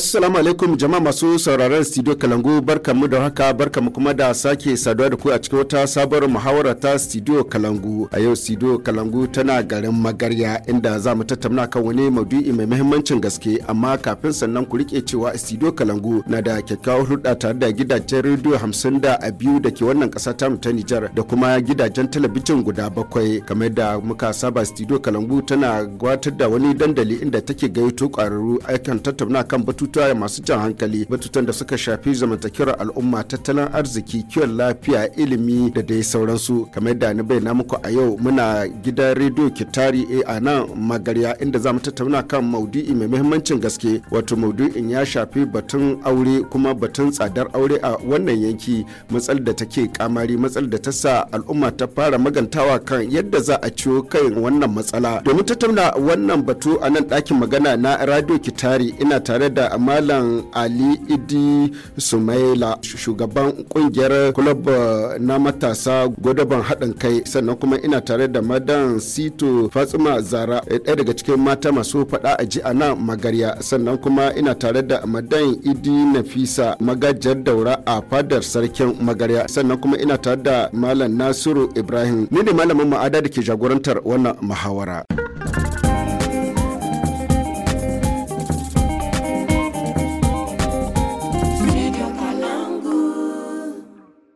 Assalamu alaikum jama'a masu sauraron Studio Kalangu barka mu da haka mu kuma da sake saduwa da ku a cikin wata sabuwar muhawara ta Studio Kalangu. A yau Studio Kalangu tana garin Magarya inda za mu tattauna kan wani maudu'i mai muhimmancin gaske amma kafin sannan ku rike cewa Studio Kalangu na da kyakkyawar hulɗa tare da gidajen rediyo hamsin da a biyu da ke wannan ƙasa ta ta Nijar da kuma gidajen talabijin guda bakwai kamar da muka saba Studio Kalangu tana gabatar da wani dandali inda take gayyato ƙwararru akan tattauna kan batu batutuwa masu jan hankali batutan da suka shafi zamantakewar al'umma tattalin arziki kiwon lafiya ilimi da dai sauransu kamar da ni bayyana muku a yau muna gidan rediyo kitari a nan magarya inda za mu tattauna kan maudu'i mai muhimmancin gaske wato maudu'in ya shafi batun aure kuma batun tsadar aure a wannan yanki matsal da take kamari matsal da ta sa al'umma ta fara magantawa kan yadda za a ciwo kan wannan matsala domin tattauna wannan batu a nan ɗakin magana na radio kitari ina tare da malam ali idi sumaila shugaban kungiyar club eh, na matasa gwadaban haɗin kai sannan kuma ina tare da madan sito fatsuma zara eh, ɗaya daga cikin mata masu faɗa a ji a nan magarya sannan kuma ina tare da madan idi nafisa magajar daura a fadar sarkin magarya sannan kuma ina tare da malam nasiru ibrahim ni ne malamin ma'ada da ke jagorantar wannan muhawara.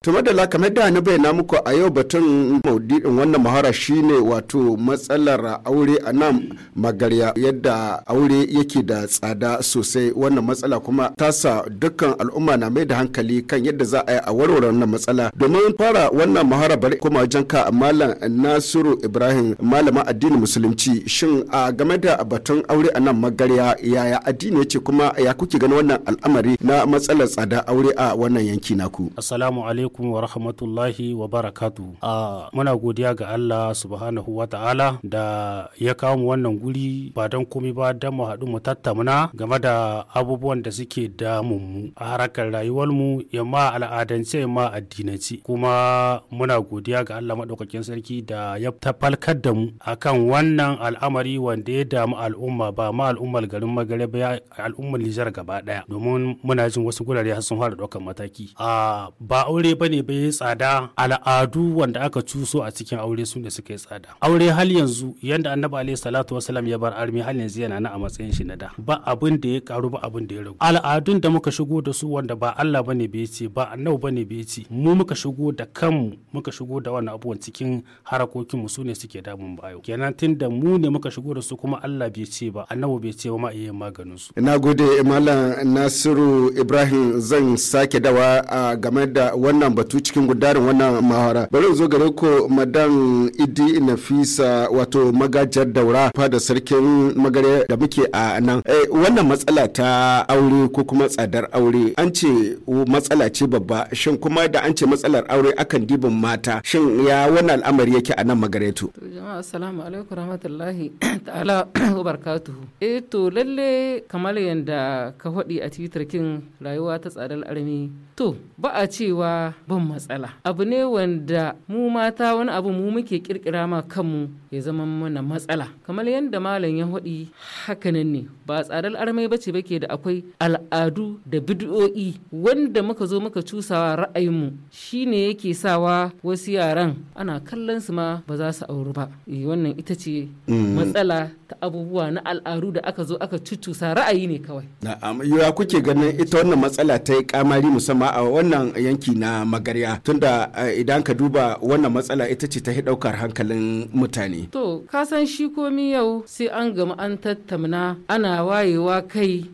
To da kamar da na bayyana muku a yau batun maudidin wannan mahara shine wato matsalar aure a nan magarya yadda aure yake da tsada sosai wannan matsala kuma tasa dukkan al'umma na mai da hankali kan yadda za a yi a warware wannan matsala domin fara wannan mahara bari kuma wajen ka malam nasiru ibrahim malama addinin musulunci shin a game da batun aure a nan magarya yaya addini yace kuma ya kuke gani wannan al'amari na matsalar tsada aure a wannan yanki naku assalamu alaikum alaikum wa rahmatullahi wa barakatu a muna godiya ga Allah subhanahu wa ta'ala da ya kawo mu wannan guri ba don komai ba don mu haɗu mu tattauna game da abubuwan da suke damun mu a harkar rayuwar mu ma al'adance ma addinance kuma muna godiya ga Allah madaukakin sarki da ya tafalkar da mu akan wannan al'amari wanda ya damu al'umma ba ma al'ummar garin magare ba al'ummar Nijar gaba daya domin muna jin wasu gurare sun fara ɗaukar mataki a ba aure ba bane ba ya tsada al'adu wanda aka cuso a cikin aure su ne suka yi tsada aure hal yanzu yanda annabi alaihi salatu wasalam ya bar armi hal yanzu yana na a matsayin shi na da ba abin da ya karu ba abin da ya ragu al'adun da muka shigo da su wanda ba Allah bane bai ce ba annabi bane bai ce mu muka shigo da kanmu muka shigo da wannan abubuwan cikin harakokin mu su ne suke damun bayo kenan tunda mu ne muka shigo da su kuma Allah bai ce ba annabi bai ce ba ma iya maganin su ina gode malam Nasiru Ibrahim zan sake dawa game da wannan batu cikin gudarin wannan mahara bari zo gare ku madan idi nafisa wato magajar daura fada sarkin magare da muke a nan eh, wannan matsala ta aure ko kuma tsadar aure an ce matsala ce babba shin kuma da an ce matsalar aure akan dibin mata shin ya wannan al'amari yake a nan magaretu to jama'a assalamu alaikum rahmatullahi ta'ala wa barakatuhu eh to lalle kamar yanda ka faɗi a titirkin rayuwa ta tsadar armi to ba a cewa ban matsala abu ne wanda mu mata wani abu mu muke kirkira ma kanmu ya zama mana matsala kamar yadda malam ya haɗi hakanan ne ba tsadar armai bace ba ke da akwai al'adu da bidiyo'i wanda muka zo muka cusawa ra'ayinmu shine yake sawa wasu yaran ana kallon su ma ba za su auri ba eh, wannan ita ce mm. matsala ta abubuwa na al'adu da aka zo aka cucusa ra'ayi ne kawai na'am ya kuke ganin ita wannan matsala ta yi kamari musamman a wannan yanki na magarya tunda eh, idan ka duba wannan matsala ita ce ta daukar hankalin mutane to ka san shi komi yau sai an gama an tattamna ana ana wayewa kai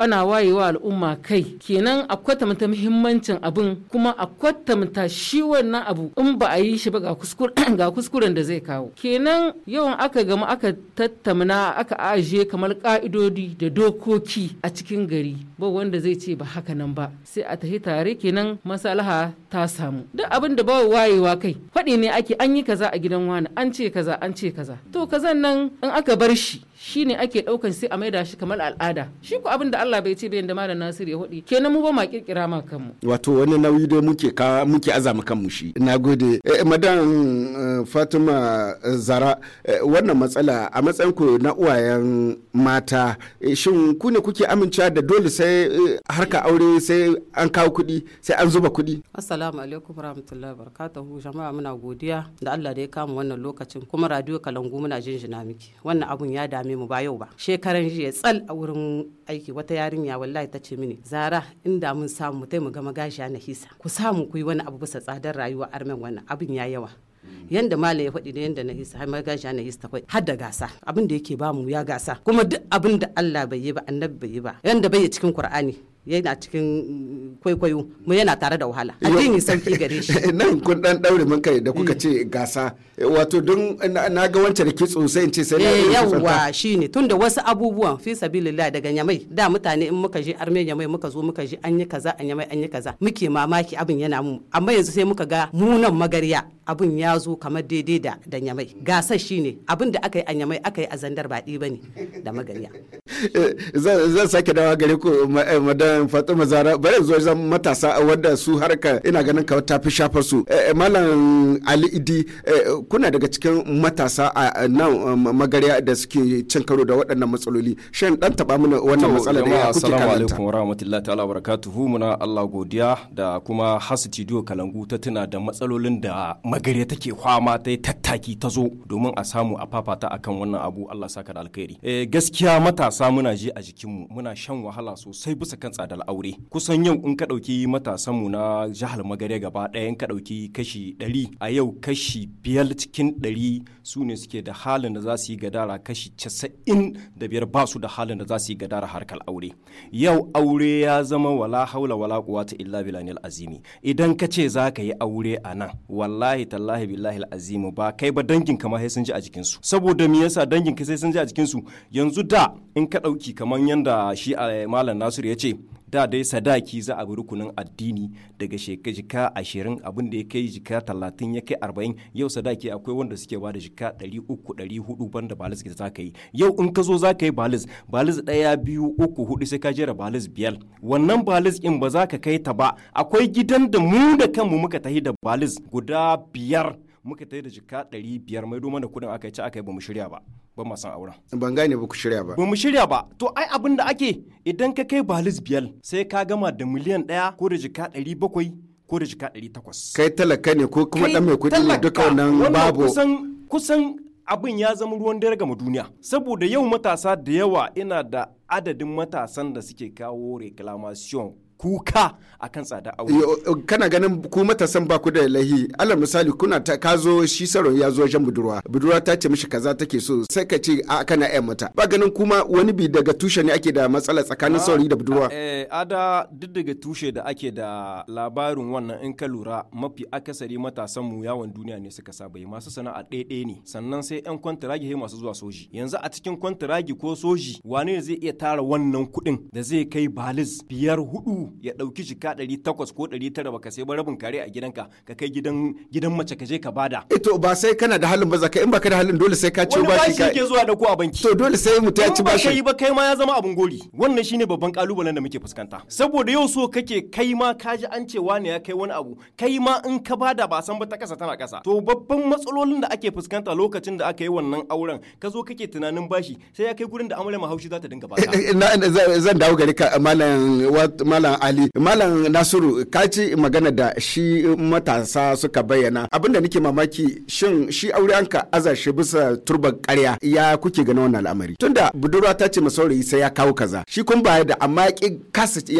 ana wayewa al'umma kai kenan a kwatanta muhimmancin abin kuma a kwatanta shi wannan abu in ba a yi shi ba ga kuskuren da zai kawo kenan yawan aka gama aka tattamna aka ajiye kamar ka'idodi da dokoki a cikin gari ba wanda zai ce ba haka nan ba sai a tafi tare kenan masalaha ta samu duk abin da ba wayewa kai faɗi ne ake an yi kaza a gidan wani an ce kaza an ce kaza to kazan nan in aka bar shi shi ne ake ɗaukan sai a maida shi kamar al'ada shi ko abin da Allah bai ce bai da malam Nasir ya hudi kenan mu ba ma kirkira ma kanmu wato wani nauyi dai muke ka muke azama kanmu shi nagode eh, madam eh, Fatima eh, Zara eh, wannan matsala a matsayin ku na uwayen mata shin ku ne kuke amincewa da dole sai harka aure sai an kawo kuɗi sai an zuba kuɗi assalamu alaikum warahmatullahi wabarakatuhu jama'a muna godiya da Allah da ya kama wannan lokacin kuma radio kalangu muna jinjina miki wannan abun ya dame mu ba yau ba shekaran jiya tsal a wurin aiki wata yarinya wallahi ta ce mini zara inda mun samu mu taimu gama gashi na hisa ku samu ku yi wani abu bisa tsadar rayuwa armen wannan abin ya yawa mm. yanda malam ya faɗi da yanda na hisa har gashi na hisa kwai har da gasa abin da yake bamu ya gasa kuma duk abin da Allah bai yi ba annabi bai yi ba yanda bai cikin Qur'ani yana cikin kwaikwayo mu yana tare da wahala addini sauki gare shi nan kun dan daure mun kai da kuka mm. ce gasa wato don na ga wancan da kitso in ce sai na eh, yawa shine tunda wasu abubuwan fi sabilillah daga nyamai da mutane in muka je arme nyamai muka zo muka je an yi kaza an nyamai an yi kaza muke mamaki abin yana mu amma yanzu sai muka ga munan magarya abin ya zo kamar daidai da da nyamai gasar shine abin da aka yi a nyamai aka yi a zandar baɗi bane da magarya eh, zan sake dawa gare ku madam eh, malam fatima zara bari zuwa zan matasa wadda su harka ina ganin ka ta fi shafar su eh, eh, malam ali idi eh, kuna daga cikin matasa a nan magarya da suke cin karo da waɗannan matsaloli shan dan taba mana wannan matsala da ya kuke kanta assalamu alaikum warahmatullahi ta'ala barakatuhu muna Allah godiya da kuma hasu tidiyo kalangu ta tuna da matsalolin da magarya take kwama ta tattaki ta zo domin a samu a fafata akan wannan abu Allah saka da alkhairi gaskiya matasa muna ji a jikinmu muna shan wahala sosai bisa kan tsadar aure kusan yau in ka ɗauki matasanmu na jihar magare gaba ɗaya in ka ɗauki kashi ɗari a yau kashi biyar cikin ɗari su ne suke da halin da za su yi gadara kashi casa'in da biyar ba su da halin da za su yi gadara harkar aure yau aure ya zama wala haula wala ta illa bilanil azimi idan ka ce za ka yi aure a nan wallahi tallahi billahi azimi ba kai ba dangin kama sai sun ji a jikinsu saboda me yasa dangin ka sai sun ji a jikinsu yanzu da in ka ɗauki kamar yanda shi a eh, malam nasiru ya ce da dai sadaki za a bi rukunin addini daga shekara jika ashirin abin da ya kai jika talatin ya kai arba'in yau sadaki akwai wanda suke ba da jika ɗari uku ɗari hudu banda balis ke za ka yi yau in ka zo za ka yi balis balis ɗaya biyu uku hudu sai ka jera balis biyar wannan balis in ba za ka kai ta ba akwai gidan da mu da kanmu muka tahi da balis guda biyar muka tayi da jika ɗari biyar mai domin da kuɗin aka yi ci aka yi ba mu shirya ba ba ma san auren. ban gane ba ku shirya ba. ba mu shirya ba to ai abin da ake idan ka kai balis biyar sai ka gama da miliyan ɗaya ko da jika ɗari bakwai ko da jika ɗari takwas. kai talaka ne ko kuma ɗan mai kuɗi ne duka wannan babu. kusan kusan abin ya zama ruwan dare gama duniya saboda yau matasa da yawa ina da adadin matasan da suke kawo reclamation kuka kan tsada aure kana ganin ku matasan ba ku da lahi alal misali kuna ta ka zo shi saron ya zo wajen budurwa budurwa ta ce mishi kaza take so sai ka ce a kana yan mata ba ganin kuma wani bi daga tushe ne ake da matsala tsakanin ah, saurayi da budurwa eh ada duk daga tushe da ake da labarin wannan in ka lura mafi akasari matasan mu yawon duniya ne suka saba yi masu sana'a ɗaya ne sannan sai yan kwantiragi masu zuwa soji yanzu a cikin kwantiragi ko soji wane zai iya tara wannan kuɗin da zai kai balis biyar hudu ya ɗauki jika ɗari takwas ko ɗari tara baka sai barabin rabin kare a gidanka ka kai gidan gidan mace ka je ka bada. Eh to ba sai kana da halin ba zaka in baka da halin dole sai ka ci bashi ka. Wani ke zuwa da ku a banki. To dole sai mutum ya ci bashi. Ba kai ba kai ma ya zama abun gori. Wannan shine babban kalubalen da muke fuskanta. Saboda yau so kake kai ma ka ji an wa ne ya kai wani abu kai ma in ka bada ba san ba ta kasa tana kasa. To babban matsalolin da ake fuskanta lokacin da aka yi wannan auren ka zo kake tunanin bashi sai ya kai gurin da amarya mahaushi za ta dinga ba. Eh, eh, zan dawo gari ka malam malam ali malam nasiru ka ci magana da shi matasa suka bayyana abin da nake mamaki shin shi aure an ka aza shi bisa turban karya ya kuke ganin wannan al'amari tunda budurwa ta ce masaurayi sai ya kawo kaza shi kun baya da amma ya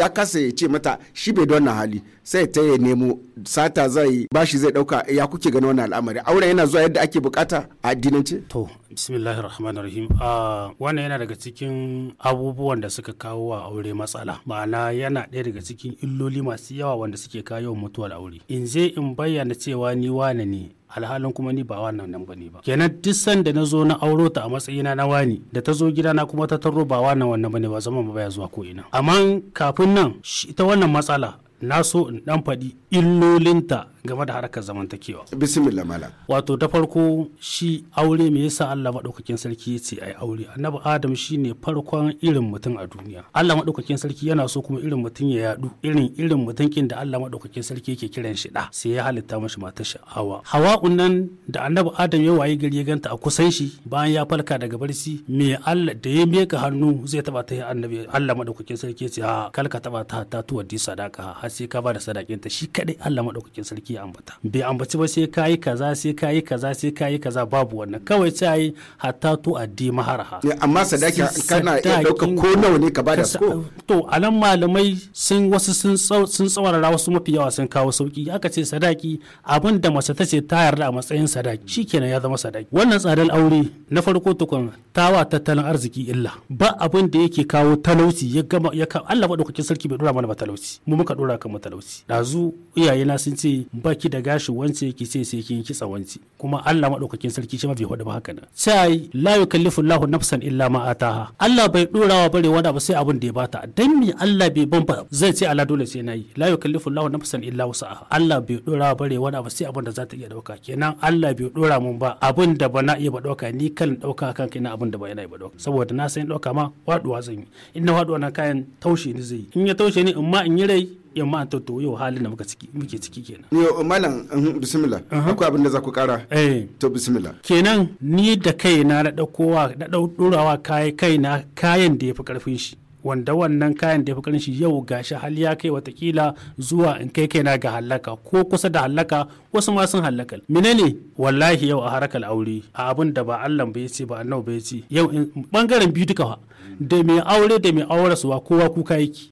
kasa ya ce mata shi bai da wannan hali sai ta ya nemo sata zai bashi zai dauka ya kuke ganin wannan al'amari auren yana zuwa yadda ake bukata a addinance to bismillahir ah, wannan yana daga cikin abubuwan da suka kawo wa aure matsala ma'ana yana ɗaya daga cikin illoli masu yawa wanda suke kawo mutuwar aure in je in bayyana cewa ni wane ne alhalin kuma ni ba wannan nan bane ba kenan duk sanda na zo na auro ta a matsayina na wani da ta zo gida na kuma ta tarro ba wannan wannan bane ba zama ba baya zuwa ko ina amma kafin nan ita wannan matsala na so in dan faɗi illolinta game da harkar zamantakewa bismillah malam wato da farko shi aure me yasa Allah madaukakin sarki ya ce ai aure annabi adam shine farkon irin mutum a duniya Allah madaukakin sarki yana so kuma irin mutum ya yadu irin irin mutum kin da Allah madaukakin sarki yake kiran shi da sai ya halitta mashi shi hawa hawa unnan da annabi adam ya waye gari ya ganta a kusan shi bayan ya falka daga barci me Allah da ya meka hannu zai taba ta annabi Allah madaukakin sarki ya ce ha kalka taba ta ta tuwa sadaka har sai ka ba da sadakin ta shi kadai Allah madaukakin sarki sarki ambata bai ambaci ba sai kayi kaza sai kayi kaza sai kayi kaza babu wannan kawai sai yi hatta to addi maharha amma sadaki kana iya dauka ko nawa ne ka bada ko to alan malamai sun wasu sun sun tsawarara wasu mafi yawa sun kawo sauki aka ce sadaki abin da mace ta ce ta yarda a matsayin sadaki shikenan ya zama sadaki wannan tsadar aure na farko tukun tawa tattalin arziki illa ba abin da yake kawo talauci ya gama ya Allah madaukakin sarki bai dora mana ba talauci mu muka dora kan mu talauci dazu iyayena sun ce baki da gashi wance ki ce sai kin kitsa wance kuma Allah madaukakin sarki shi ma bai hudu ba haka nan sai la yukallifu Allahu nafsan illa ma ataha Allah bai wa bare wanda ba sai abin da ya bata dan me Allah bai bamba zai ce ala dole sai nayi la yukallifu Allahu nafsan illa wusaha Allah bai wa bare wanda ba sai abin da za ta iya dauka kenan Allah bai dora mun ba abin da ba na iya ba dauka ni kan dauka kan kai na abin da ba yana ba dauka saboda na san dauka ma waduwa zan yi in na waduwa na kayan taushe ni zai in ya taushe ni in ma in yi rai yamma ta to yau halin da muka ciki muke ciki kenan yo malam um, bismillah akwai abin da za ku kara eh to bismillah kenan ni da kai na da daukowa da daurawa kai kai na kayan da yafi karfin shi wanda wannan kayan da ya fi shi yau ga shi hal ya kai watakila zuwa in kai kaina ga hallaka ko kusa da hallaka wasu ma sun hallaka menene wallahi yau a harakar aure a abin da ba Allah bai ce ba annabi bai ce yau bangaren biyu duka da mai aure da mai aure suwa kowa kuka yake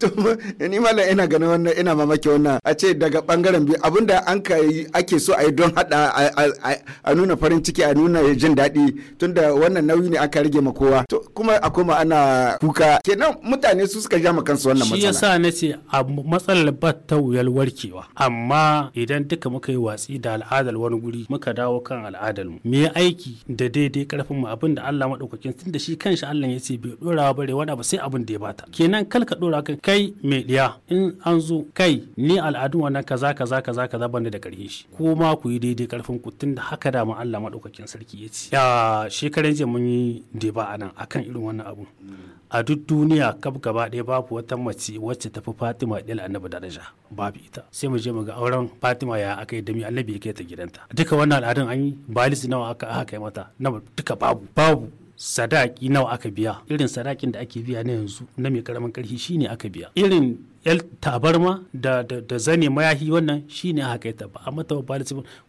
ni mallam ina ganin wannan ina mamaki wannan a ce daga bangaren biyu da an kai ake so a yi don hada a nuna farin ciki a nuna jin daɗi tunda wannan nauyi ne aka rage ma kowa to kuma a koma ana kuka kenan mutane su suka ja kansu wannan matsala shi yasa na ce a matsalar ba ta wuyar warkewa amma idan duka muka yi watsi da al'adar wani guri muka dawo kan al'adar mu me aiki da daidai karfin mu abin da Allah madaukakin tun da shi kanshi Allah ya ce bai dorawa bare wani ba sai abin da ya bata kenan kal ka dora kan kai me diya in an zo kai ni al'adun wannan kaza kaza kaza kaza bane da karhe shi ma ku yi daidai karfin ku tun da haka da mu Allah madaukakin sarki ya ce ya shekaran jiya mun yi deba nan akan irin wannan abu a duk duniya kaf gaba ɗaya babu wata mace wacce tafi Fatima ɗin annabi daraja babu ita sai mu je mu ga auren Fatima ya aka yi dami annabi ya kai ta gidanta duka wannan al'adun an yi balis nawa aka aka kai mata na duka babu babu sadaki nawa aka biya irin sadakin da ake biya na yanzu na mai karamin karfi shine aka biya irin yal tabarma da da zane mayahi wannan shine a hakaita ba a mata ba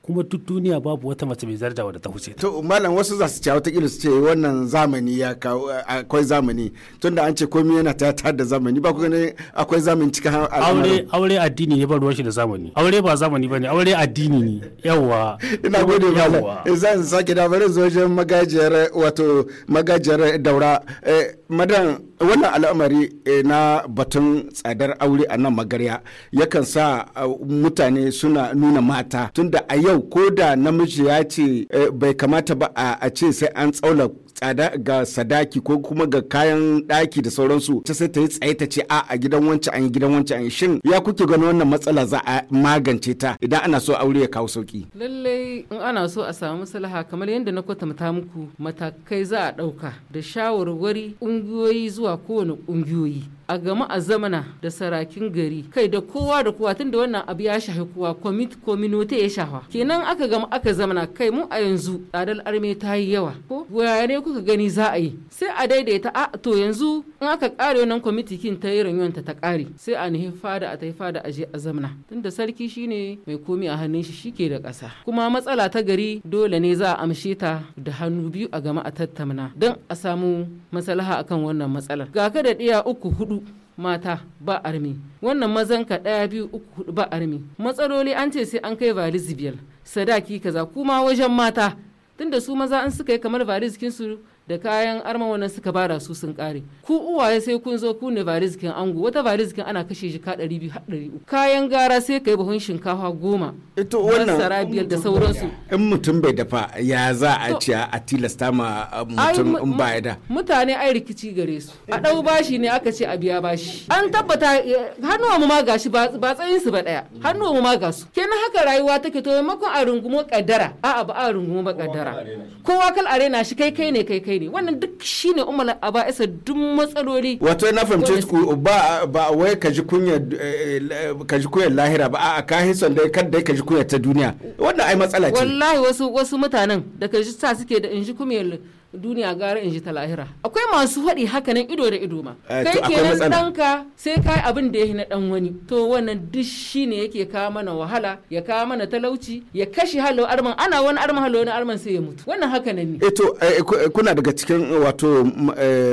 kuma duk duniya babu wata mace mai zarda wadda ta huce to malam wasu za su ci wata su ce eh, wannan zamani ya kawo akwai zamani tunda an ce komai yana ta tar da zamani ba ku gane akwai zamani cikin aure aure addini ne ba ruwan shi da zamani aure ba zamani bane aure addini ne yawa ina gode malam eh, zan sake da bare zo wajen magajiyar wato magajiyar daura eh, madan wannan al'amari eh, na batun tsadar aure a nan magarya yakan sa eh, mutane suna nuna mata tunda a yau ko da namiji ya ce eh, bai kamata ba a ce sai an tsaula tsada ga sadaki ko kuma ga kayan daki da sauransu ta sai ta yi tsaye ta ce a a gidan wancan an yi gidan wancan an yi shin ya kuke gani wannan matsala za a magance ta idan ana so aure ya kawo sauki. lallai in ana so a samu maslaha kamar yadda na kwatanta muku matakai za a ɗauka da shawarwari ƙungiyoyi zuwa kowane ƙungiyoyi a gama a zamana da sarakin gari kai da kowa da kowa tunda wannan abu ya shafi kowa komit kominote ya shafa kenan aka gama aka zamana kai mu a yanzu tsadar arme ta yi yawa ko ne kuka gani za a yi sai a daidaita a to yanzu in aka kare wannan kwamiti kin ta yi ta ta kare sai a nihi fada a ta yi fada a je a zamana tunda sarki shine mai komi a hannun shi shike da ƙasa kuma matsala ta gari dole ne za a amshe ta da hannu biyu a gama a tattamna don a samu maslaha akan wannan matsalar ga ka da ɗiya uku hudu mata ba armi wannan mazan ka ɗaya biyu uku hudu ba armi matsaloli an ce sai an kai valiz biyar sadaki kaza kuma wajen mata tunda su maza an suka yi kamar valiz su da kayan arma wannan suka bada su sun kare ku uwaye sai kun zo ku ne varizikin ango wata varizikin ana kashe shi ka ɗari biyu har ɗari uku kayan gara sai kai buhun shinkafa goma ito wannan masara biyar da sauransu in mutum bai dafa ya za a ci a tilasta ma uh, mutum in ba ya da mutane ai rikici gare su a ɗau bashi ne aka ce a biya bashi an tabbata eh, hannuwa mu ma gashi ba tsayin su ba ɗaya hannuwa mu ma gasu kenan haka rayuwa take to maimakon a rungumo kaddara a'a ba a rungumo ba kaddara kowa kal arena shi kai kai ne kai kai alheri wannan duk shi shine ba isa duk matsaloli wato na fahimci ku ba ba wai ka ji kunya eh, ka ji kunyar lahira ba a ka son dai kar dai ka ji kunyar ta duniya wannan ai matsala ce wallahi wasu wasu mutanen da ka ji sa suke da in ji kunya duniya gara in ji ta lahira akwai masu haɗi haka nan ido da ido ma eh, kai kenan ɗanka sai kai abin da ya na ɗan wani to wannan duk shi ne yake kawo mana wahala ya kawo mana talauci ya kashe halo arman ana wani arman halo wani arman sai ya mutu wannan haka nan ne eh to eh, eh, kuna daga cikin wato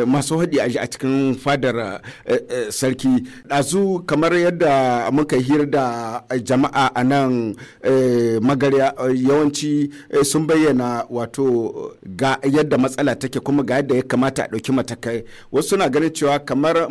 masu haɗi a cikin fadar sarki dazu kamar yadda muka hira da jama'a a nan magarya yawanci sun bayyana wato ga yadda matsala take kuma ga yadda ya kamata a ɗauki matakai wasu suna ganin cewa kamar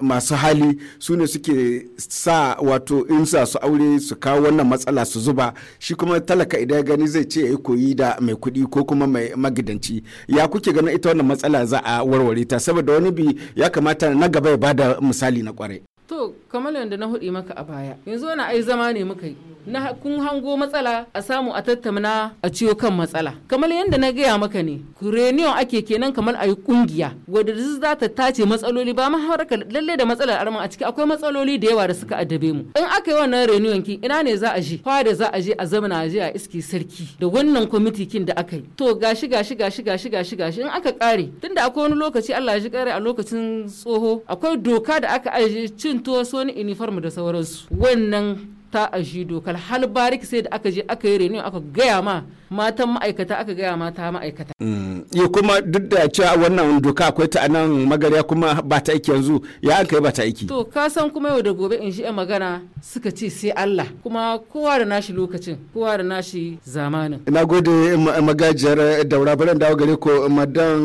masu hali su ne suke sa wato in sa su aure su kawo wannan matsala su zuba shi kuma talaka idan ya gani zai ce ya yi koyi da mai kuɗi ko kuma mai magidanci ya kuke ganin ita wannan matsala za a warware ta saboda wani bi ya kamata na gaba ya bada misali na kwarai. To kamar yadda na hudu maka a baya yanzu wani ai zama ne muka yi na kun hango matsala a samu a tattauna a ciwo kan matsala kamar yadda na gaya maka ne reunion ake kenan kamar a yi kungiya wadda za ta tace matsaloli ba ma harkar lalle da matsalar arman a ciki akwai matsaloli da yawa da suka addabe mu in aka yi wannan reniyon ki ina ne za a je fa da za a je a zamana a je a iski sarki da wannan kwamiti kin da aka yi to gashi gashi gashi gashi gashi gashi in aka kare tunda akwai wani lokaci Allah ya ji kare a lokacin tsoho akwai doka da aka aje cin tuwo wani uniform da sauransu wannan ta aji dokar hal barik sai da aka je aka yi reunion aka gaya ma matan ma'aikata aka gaya mata ma'aikata. Mm, ya kuma duk da cewa wannan doka akwai ta nan magarya kuma ba ta aiki yanzu ya an kai ba ta aiki. to ka san kuma yau da gobe in shi magana suka ce sai Allah kuma kowa da nashi lokacin kowa da nashi zamanin. ina gode eh, magajiyar eh, daura barin dawo gare ko eh, madan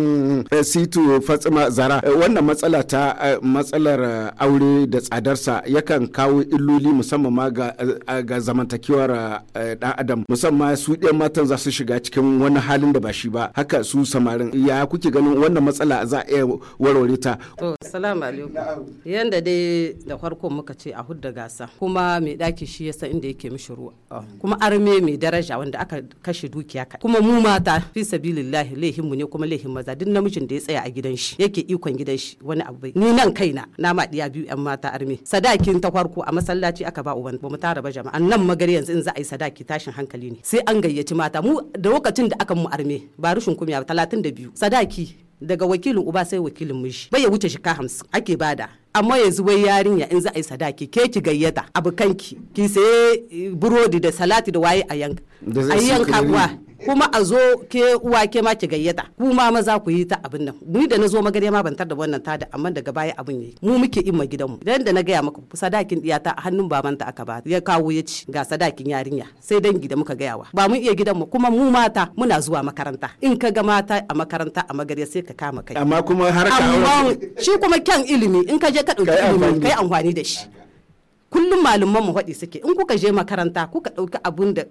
situ fatsima zara wannan matsala ta matsalar aure da tsadarsa yakan kawo illoli musamman ma ga zamantakewar dan adam musamman su ɗiyan matan za su shiga cikin wani halin da ba shi ba haka su samarin ya kuke ganin wannan matsala za a iya warware ta to salamu alaikum yanda dai da farko muka ce a hudda gasa kuma mai daki shi yasa inda yake mishi ruwa kuma arme mai daraja wanda aka kashe dukiya kuma mu mata fi sabilillahi laihin mu ne kuma laihin maza duk namijin da ya tsaya a gidan shi yake ikon gidan shi wani abu bai ni nan kaina na ma diya biyu yan mata arme sadakin ta farko a masallaci aka ba uban ba mu tara ba jama'an nan magari yanzu in za a yi sadaki tashin hankali ne sai an gayyaci mata mu da lokacin da aka mu arme ba rushin kumya ba talatin da biyu sadaki daga wakilin uba sai wakilin miji bai ya wuce shika hamsin ake bada amma yanzu wai yarinya in za a yi sadaki ke ki gayyata abu kanki ki saye burodi da salati da waye a yanka a yankawa kuma a zo ke uwa ke ma ki gayyata ku ma maza ku yi ta abin nan ni da na zo magare ma ban tar da wannan tada amma daga baya abin yayi mu muke in ma mu dan da na gaya maka sadakin diyata a hannun babanta aka ba ya kawo ya ci ga sadakin yarinya sai dangi da muka wa. ba mun iya gidan mu kuma mu mata muna zuwa makaranta in ka ga mata a makaranta a magare sai ka kama kai amma kuma har ka shi kuma kyan ilimi in ka je ka dauki ilimi kai amfani da shi kullum malumman mu faɗi suke in kuka je makaranta kuka ɗauki abun da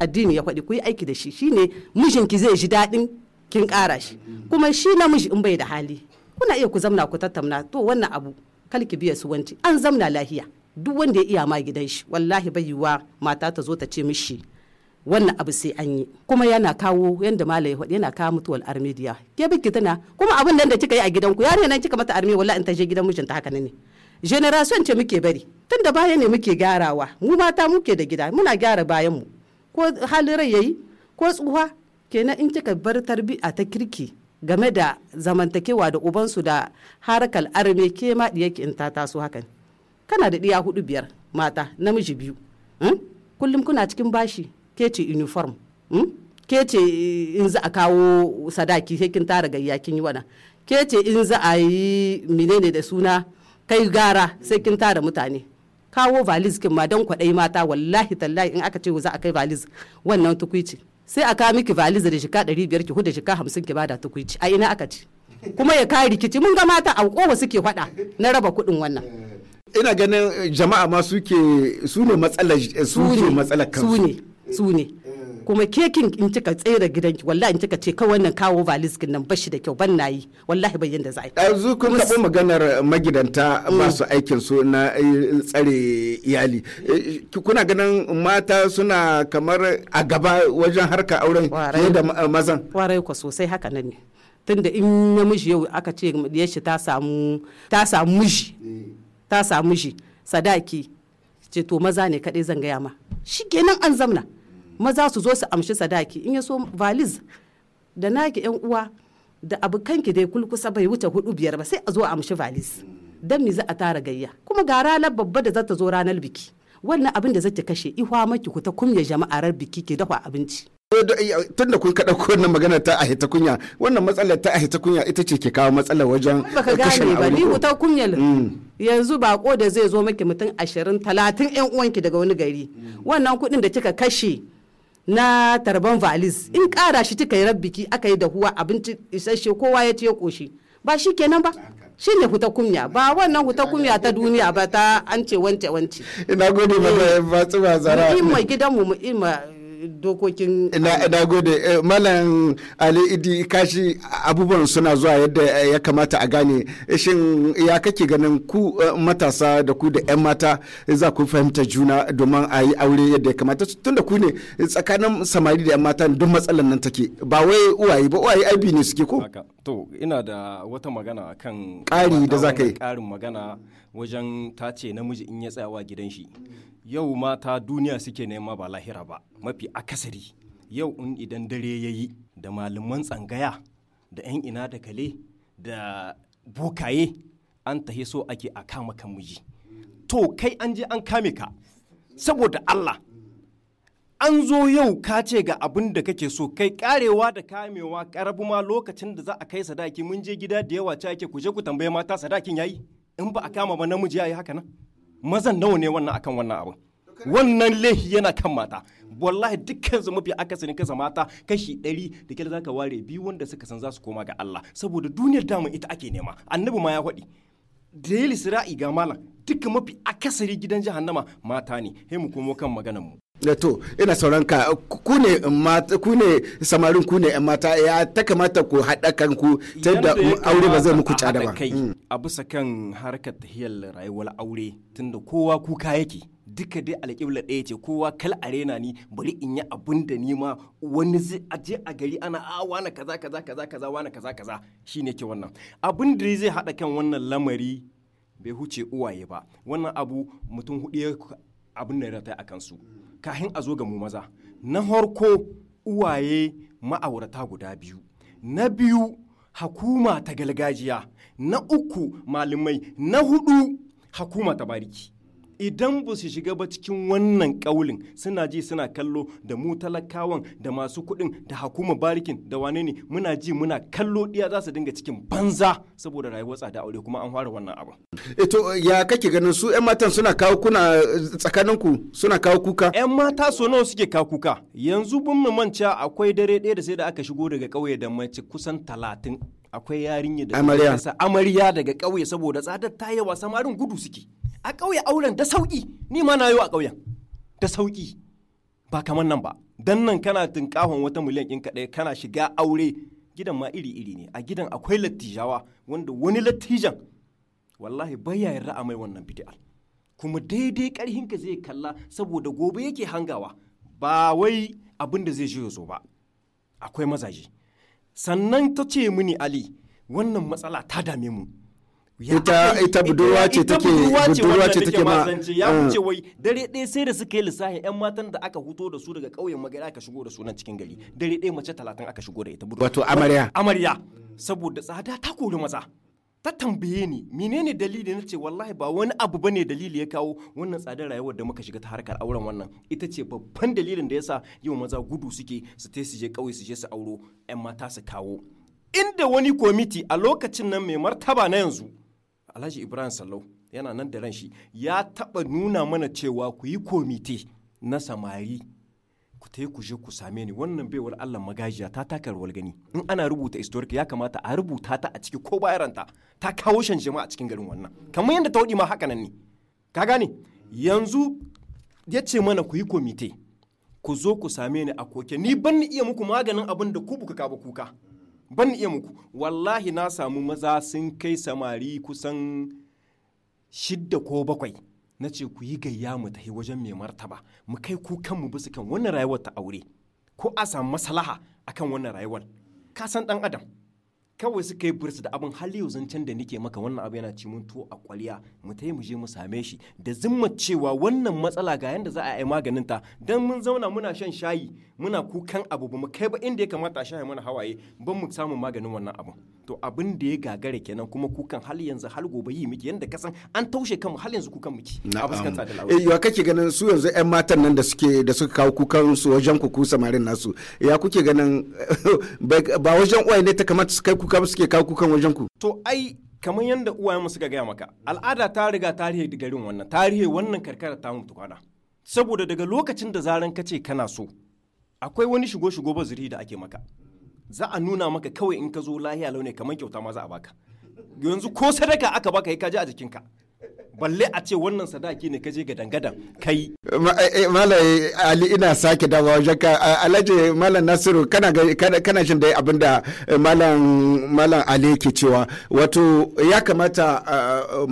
addini ya faɗi ku yi aiki da shi shine mijinki zai ji daɗin kin ƙara shi kuma shi namiji in bai da hali kuna iya ku zamna ku tattauna to wannan abu kalki biya su wanci an zamna lahiya duk wanda ya iya ma gidan shi wallahi bai yiwa mata ta zo ta ce mishi wannan abu sai an yi kuma yana kawo yanda malai ya yana kawo mutuwar armidiya ke biki tana kuma abin nan da kika yi a gidanku yarinya nan kika mata armi wallahi in ta je gidan mijinta haka ne generation ce muke bari tun da baya ne muke gyarawa mu mata muke da gida muna gyara bayan mu ko halin rai yayi ko tsuha kenan in kika bar tarbi'a ta kirki game da zamantakewa da ubansu da harkar arme ke ma diyake in ta taso hakan kana da ɗiya hudu biyar mata namiji biyu hmm? kullum kuna cikin bashi ke ce uniform hmm? ke ce eh, in za a kawo sadaki sai kin tara gayya kin yi wannan ke ce in za a yi menene da suna kai gara sai kin tara mutane kawo valiz kin ma don kwaɗayi mata wallahi tallahi in aka ce za a kai valiz wannan tukuici sai a kawo miki valiz da shika ɗari biyar ki huda shika hamsin ki bada tukuici a ina aka ci kuma ya kawo rikici mun ga mata a kowa suke faɗa na raba kuɗin wannan. ina ganin jama'a ma suke su ne matsalar su ne matsalar kansu su ne su ne kuma kekin in kika tsere gidanki wallahi in kika ce ka wannan kawo valis nan bashi da kyau ban nayi wallahi bayyan da za yi yanzu kun taɓa maganar magidanta mm. masu aikin su na eh, tsare iyali eh, kuna ganin mata suna kamar a gaba wajen harka auren fiye da eh, mazan warai ku sosai haka nan ne tunda in namiji yau aka ce yashi ta samu ta samu miji ta samu miji sadaki ce to maza ne kadai zan gaya ma shi kenan an zamna maza su zo su amshi sadaki in ya so valiz da naki yan uwa da abokanki dai kulkusa bai wuce hudu biyar ba sai a zo a amshi valiz dan me za a tara gayya kuma ga ranar babba da za ta zo ranar biki wannan abin da zaki kashe ihwa maki ku ta kumya jama'ar biki ke dafa abinci tun da kun kaɗa wannan magana ta ahita kunya wannan matsalar ta ahita kunya ita ce ke kawo matsalar wajen baka abu ba ni ta kunyal mm. yanzu bako da zai zo maki mutum ashirin talatin yan uwanki daga wani gari mm. wannan kuɗin da kika kashe na tarban valis in kara shi tuka yi biki aka yi dahuwa abinci isasshe kowa ya ce ya koshi ba shi kenan ba shi ne huta kumya ba wannan huta kumya ta duniya ba ta an ce wance wance ina gode ba ba tsuma zara mu gidan mu mu dokokin ina gode eh, malam ali idi kashi abubuwan suna zuwa yadda eh, ya kamata a gane eh, shin ya kake ganin ku matasa da ku da 'yan mata za ku fahimta juna domin a yi aure yadda ya kamata tun da ku ne tsakanin samari da 'yan mata duk matsalar nan take ba wai uwaye ba uwaye aibi ne suke ko to ina da wata magana akan ƙari da za ka yi magana wajen ta ce namiji in ya tsayawa gidan shi yau mata duniya suke nema ba lahira ba mafi akasari yau in idan dare ya yi da malaman tsangaya da 'yan ina da kale da bokaye an tahi so ake a kama kan miji to kai an je an kame ka saboda Allah an zo yau ka ce ga abin da kake so kai karewa da kamewa karabu lokacin da za a kai sadaki mun je gida da yawa ce ake kuje ku tambaye mata sadakin yayi in ba a kama ba namiji ya yi haka nan mazan nawa ne wannan akan wannan abin wannan laifi yana kan mata wallahi dukkan su mafi akasarin kasa mata kashi ɗari da kyar zaka ware biyu wanda suka san za su koma ga Allah saboda duniyar damun ita ake nema annabi ma ya faɗi da ya lisra'i ga malam duka mafi akasari gidan jahannama mata ne sai mu komo kan maganar mu Eh, to ina sauran ka ku ne ku ne samarin ku ne mata ya ta kamata ku haɗa kanku ta yadda aure ba zai muku da ba mm. a bisa kan harkar tahiyar rayuwar aure tunda kowa kuka yake duka dai alƙibla ɗaya ce kowa kal arena ni bari in yi abun da ni ma wani zai aje a gari ana a ah, wani kaza kaza kaza kaza wani kaza kaza shine ke wannan abun da zai haɗa kan wannan lamari bai huce uwaye ba wannan abu mutum hudu ya abun da ya rata a kansu kahin a zo ga mu maza na harko uwaye ma'aurata guda biyu na biyu hakuma ta galgajiya, na uku malamai na hudu hakuma ta bariki idan ba su shiga ba cikin wannan kaulin suna ji suna kallo da mu talakawan da masu kuɗin da hakuma barikin da wane ne muna ji muna kallo ɗiya za su dinga cikin banza saboda rayuwar tsada aure kuma an fara wannan abu. Eto eh ya kake ganin su 'yan matan suna kawo kuna tsakanin ku suna kawo kuka? 'Yan mata so nawa suke kawo kuka yanzu bin mu manca akwai dare ɗaya da sai da aka shigo daga ƙauye da mace kusan talatin akwai yarinya da amarya daga kauye saboda tsadar ta yawa samarin gudu suke. a ƙauye auren da sauƙi ni ma na yi a ƙauyen da sauƙi ba kamar nan ba dan nan kana tunkahon wata miliyan ɗin kaɗai kana shiga aure gidan ma iri iri ne a gidan akwai lattijawa wanda wani lattijan wallahi bai ya yarda a mai wannan bid'a kuma daidai ka zai kalla saboda gobe yake hangawa ba wai abin da zai ya zo ba akwai mazaje sannan ta ce mini ali wannan matsala ta dame mu ita ita budurwa ce take budurwa ce take ma ya eh. wuce wai dare ɗaya sai da suka yi lissafi yan matan da aka huto da su daga ƙauyen magana aka shigo da su nan cikin gari dare ɗaya mace talatin aka shigo da ita wato amarya amarya saboda tsada ta kori maza ta tambaye ni menene dalili na ce wallahi ba wani abu bane dalili ya kawo wannan tsadar rayuwar da muka shiga ta harkar auren wannan ita ce babban dalilin da yasa yau maza gudu suke su tai su je ƙauye su je su auro yan mata su kawo inda wani kwamiti a lokacin nan mai martaba na yanzu alhaji ibrahim sallau yana nan da ran shi ya taɓa nuna mana cewa ku yi komite na samari ku ta ku je ku same ni wannan baiwar Allah magajiya ta taka rawar gani in ana rubuta historic ya kamata a rubuta ta a ciki ko bayaranta ta kawo shan jama'a a cikin garin wannan kamar yadda ta ma haka nan ne ka gane yanzu ya ce mana ku yi komite ku zo ku same ni a koke ni ban ni iya muku maganin abin da ku buka ba kuka ban iya muku wallahi na samu maza sun kai samari kusan shidda ko bakwai na ce ku yi gayya mu tafi wajen mai martaba mu kai ku kanmu bisa kan wannan rayuwar ta aure ko a samu maslaha akan wannan rayuwar ka san dan adam kawai suka yi birsa da abin hali yau zancen da nike maka wannan abu yana ci mun a kwaliya mu tai mu je mu same shi da zimmar cewa wannan matsala ga yanda za a yi maganin ta dan mun zauna muna shan shayi muna kukan abu ba mu kai ba inda ya kamata a shaye mana hawaye ban mu samu maganin wannan abu to abin da ya gagare kenan kuma kukan hal yanzu hal gobe yi miki yanda kasan an taushe kanmu hal yanzu kukan miki na fuskanta da lawa eh kake ganin su yanzu ƴan matan nan da suke da suka kawo kukan su wajen ku samarin nasu ya kuke ganin ba wajen uwaye ne ta kamata su kai kuka ba suke kawo kukan wajen ku to ai kamar yadda mu suka gaya maka al'ada ta riga tarihi da garin wannan tarihi wannan karkara ta mutu kwana saboda daga lokacin da zaran ka ce kana so akwai wani shigo shigo ba zuri da ake maka za a nuna maka kawai in ka zo lahiya launi kamar kyauta ma za a baka yanzu ko sadaka aka baka yi ka ji a jikinka balle a ce wannan sadaki ne kaje ga dangadan kai eh, eh, malai eh, ali ina sake dawo wajen ka alhaji malam nasiru kana kana jin dai abinda da malam ali ke cewa wato ya kamata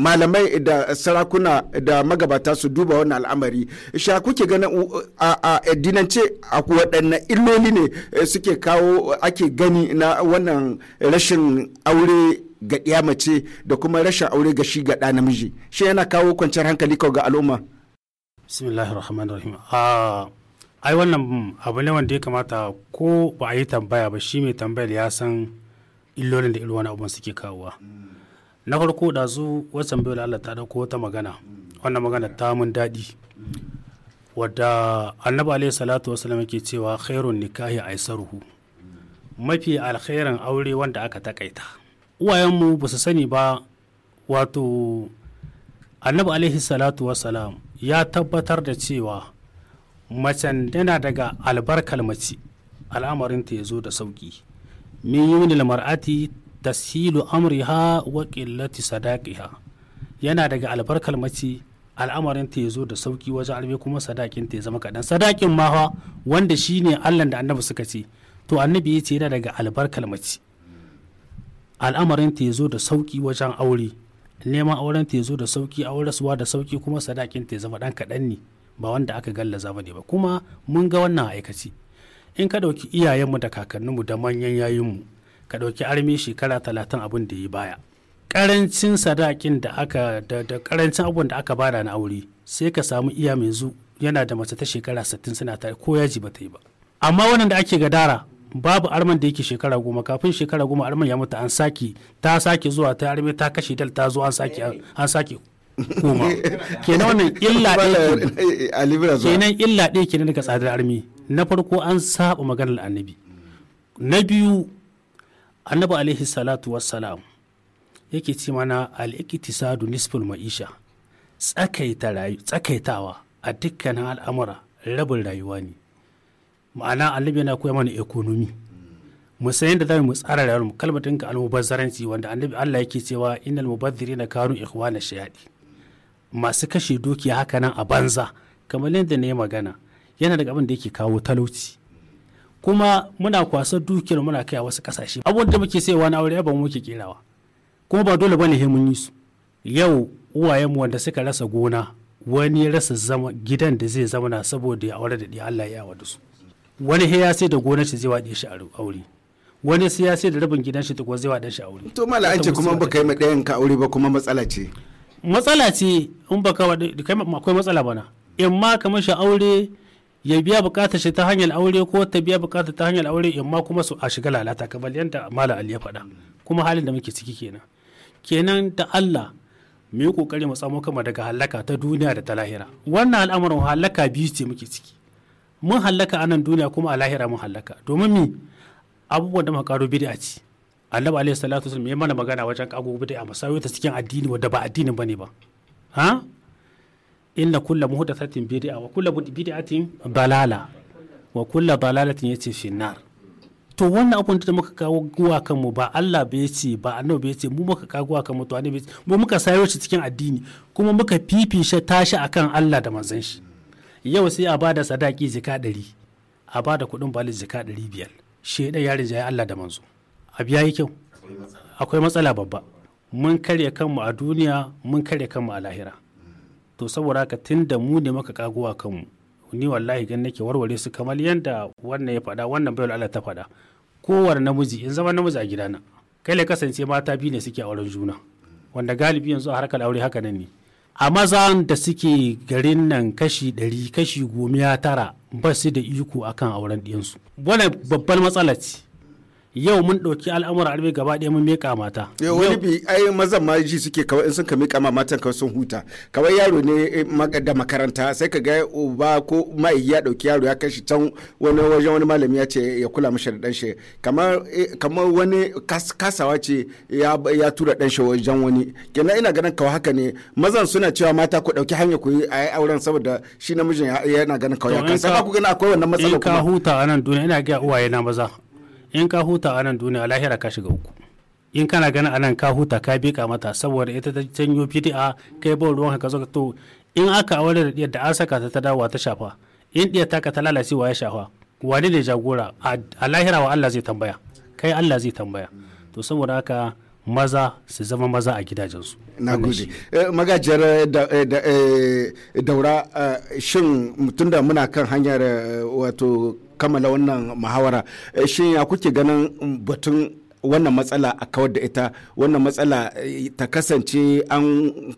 malamai da sarakuna da magabata su duba wannan al'amari sha kuke ganin a addinance a waɗanne illoli ne suke kawo ake gani na wannan rashin aure ga mace da kuma rashin aure ga shi ga ɗa namiji shi yana kawo kwanciyar hankali kawai ga al'umma bismillahirrahmanirrahim a ah, ai wannan abu ne wanda ya kamata ko ba a yi tambaya ba shi mai tambayar ya san illolin da irin wani abun suke kawowa na farko da zu wasan bai Allah ta dauko wata magana wannan magana ta mun daɗi wadda annabi alaihi salatu wasallam yake cewa khairun nikahi aisaruhu mafi alkhairin aure wanda aka takaita uwayenmu ba su sani ba wato annabi alaihi salatu wasalam ya tabbatar da cewa macen yana daga albarkar mace al'amarinta ya zo da sauki min yunil mar'ati tashilu amriha wa qillati sadaqiha yana daga albarkar mace al'amarinta ya zo da sauki wajen albe kuma sadakinta ya zama kaɗan sadakin mawa wanda shine allah da annabi suka ce to annabi ya ce yana daga albarkar mace al'amarin ta zo da sauki wajen aure neman auren ta zo da sauki aurasuwa da sauki kuma sadakin ta zama dan kaɗan ne ba wanda aka gallaza ba ne ba kuma mun ga wannan aikaci in ka ɗauki iyayenmu da kakanninmu da manyan yayinmu ka ɗauki armi shekara talatin abin da yi baya ƙarancin sadakin da aka da ƙarancin da aka bada na aure sai ka samu iya mai zu yana da mace ta shekara sittin suna tare ko yaji ba ta yi ba amma wannan da ake gadara babu arman da yake shekara goma kafin shekara goma arman ya mutu an sake ta sake zuwa ta arme ta kashe dal ta zo an sake an sake koma kenan wannan illa ɗaya eh, kenan illa ɗaya kenan daga tsadar armi na farko an saba maganar annabi na biyu annabi alaihi salatu wassalam yake ce mana al-iqtisadu nisful ma'isha tsakaitawa a dukkanin al'amura rabin rayuwa ne ma'ana annabi yana koya mana ekonomi mu san yadda mu tsara rayuwar mu kalmatin ka almubazzaranci wanda annabi Allah yake cewa innal mubazzirina kanu ikhwana shayadi masu kashe dukiya haka nan a banza kamar yadda na yi magana yana daga abin da yake kawo talauci kuma muna kwasar dukiyar muna kai a wasu kasashe Abin da muke sayawa na aure ba mu muke kerawa kuma ba dole bane he mun yi su yau uwayenmu wanda suka rasa gona wani ya rasa zama gidan da zai zama na saboda ya aure da Allah ya yawa da su wani ya sai da gonar shi zai waɗe shi a aure wani sai ya sai da rabin gidan shi tukwa zai waɗe shi a aure to mala an ce kuma ba kai ma ɗayan ka aure ba kuma matsala ce matsala ce in ba ka waɗe kai akwai matsala bana in ma kamar shi aure ya biya bukatar shi ta hanyar aure ko ta biya bukatar ta hanyar aure in ma kuma su a shiga lalata kamar yadda mala ali ya faɗa kuma halin da muke ciki kenan kenan da Allah mu yi kokari mu tsamo kama daga halaka ta duniya da ta lahira wannan al'amarin halaka biyu ce muke ciki mun hallaka a nan duniya kuma a lahira mun hallaka domin mi abubuwan da muka karo a ci annabi alaihi salatu wasallam ya mana magana wajen kago a masawi ta cikin addini wanda ba addini bane ba ha inna kullu muhdathatin bid'a wa kullu bid'atin dalala wa kullu dalalatin yace fi nar to wannan abun da muka kawo guwa kanmu ba Allah bai ce ba annabi bai ce mu muka kawo guwa kanmu to annabi mu muka sayo shi cikin addini kuma muka fifishe tashi akan Allah da manzon shi yau sai a bada sadaki zika ɗari a bada kuɗin bali zika ɗari biyar shi ɗan yarin jaye Allah da manzo a biya yi kyau akwai matsala babba mun karya kanmu a duniya mun karya kanmu a lahira to saboda haka tun da mu ne maka kaguwa kanmu ni wallahi gan nake warware su kamar yadda wannan ya faɗa wannan bayan Allah ta faɗa kowar namiji in zama namiji a gidana kai le kasance mata biyu ne suke auren juna wanda galibi yanzu a harkar aure haka nan ne a mazan da suke garin nan kashi ɗari kashi ya tara ba su da iko akan auren ɗiyansu wannan babbar matsala ce yau mun ɗauki al'amuran arbe gaba ɗaya mun miƙa mata. Eh, wani bi ai mazan ma ji suke kawai in sun ka miƙa ma matan kawai sun huta kawai yaro ne eh, da makaranta sai ka ga uba ko ma'aiki ya ɗauki yaro ya kashi can wani wajen wani malami ya ce ya kula mishi da ɗan shi kamar eh, kamar wani kasawa ce ya tura ɗan shi wajen wani kenan ina ganin kawai haka ne mazan suna cewa mata ku ɗauki hanya ku yi a auren saboda shi namijin yana ganin kawai ya kasa ku gani akwai wannan matsalar kuma. in ka huta a nan duniya ina ga uwaye na maza in ka huta a nan duniya lahira ka shiga uku in kana ganin a nan ka huta ka bika mata saboda ita ta canyo pda kai ba ruwan ka zaka to in aka aure da diyar da an saka ta ta dawa ta shafa in diyar ka ta lalace wa ya shafa wani ne jagora a lahira wa Allah zai tambaya kai Allah zai tambaya to saboda haka maza su zama maza a gidajensu. na gode eh, magajiyar eh, eh, daura shin mutum da muna kan hanyar wato kammala wannan muhawara eh, shin ya kuke ganin um, batun wannan matsala a kawar da ita wannan matsala eh, ta kasance an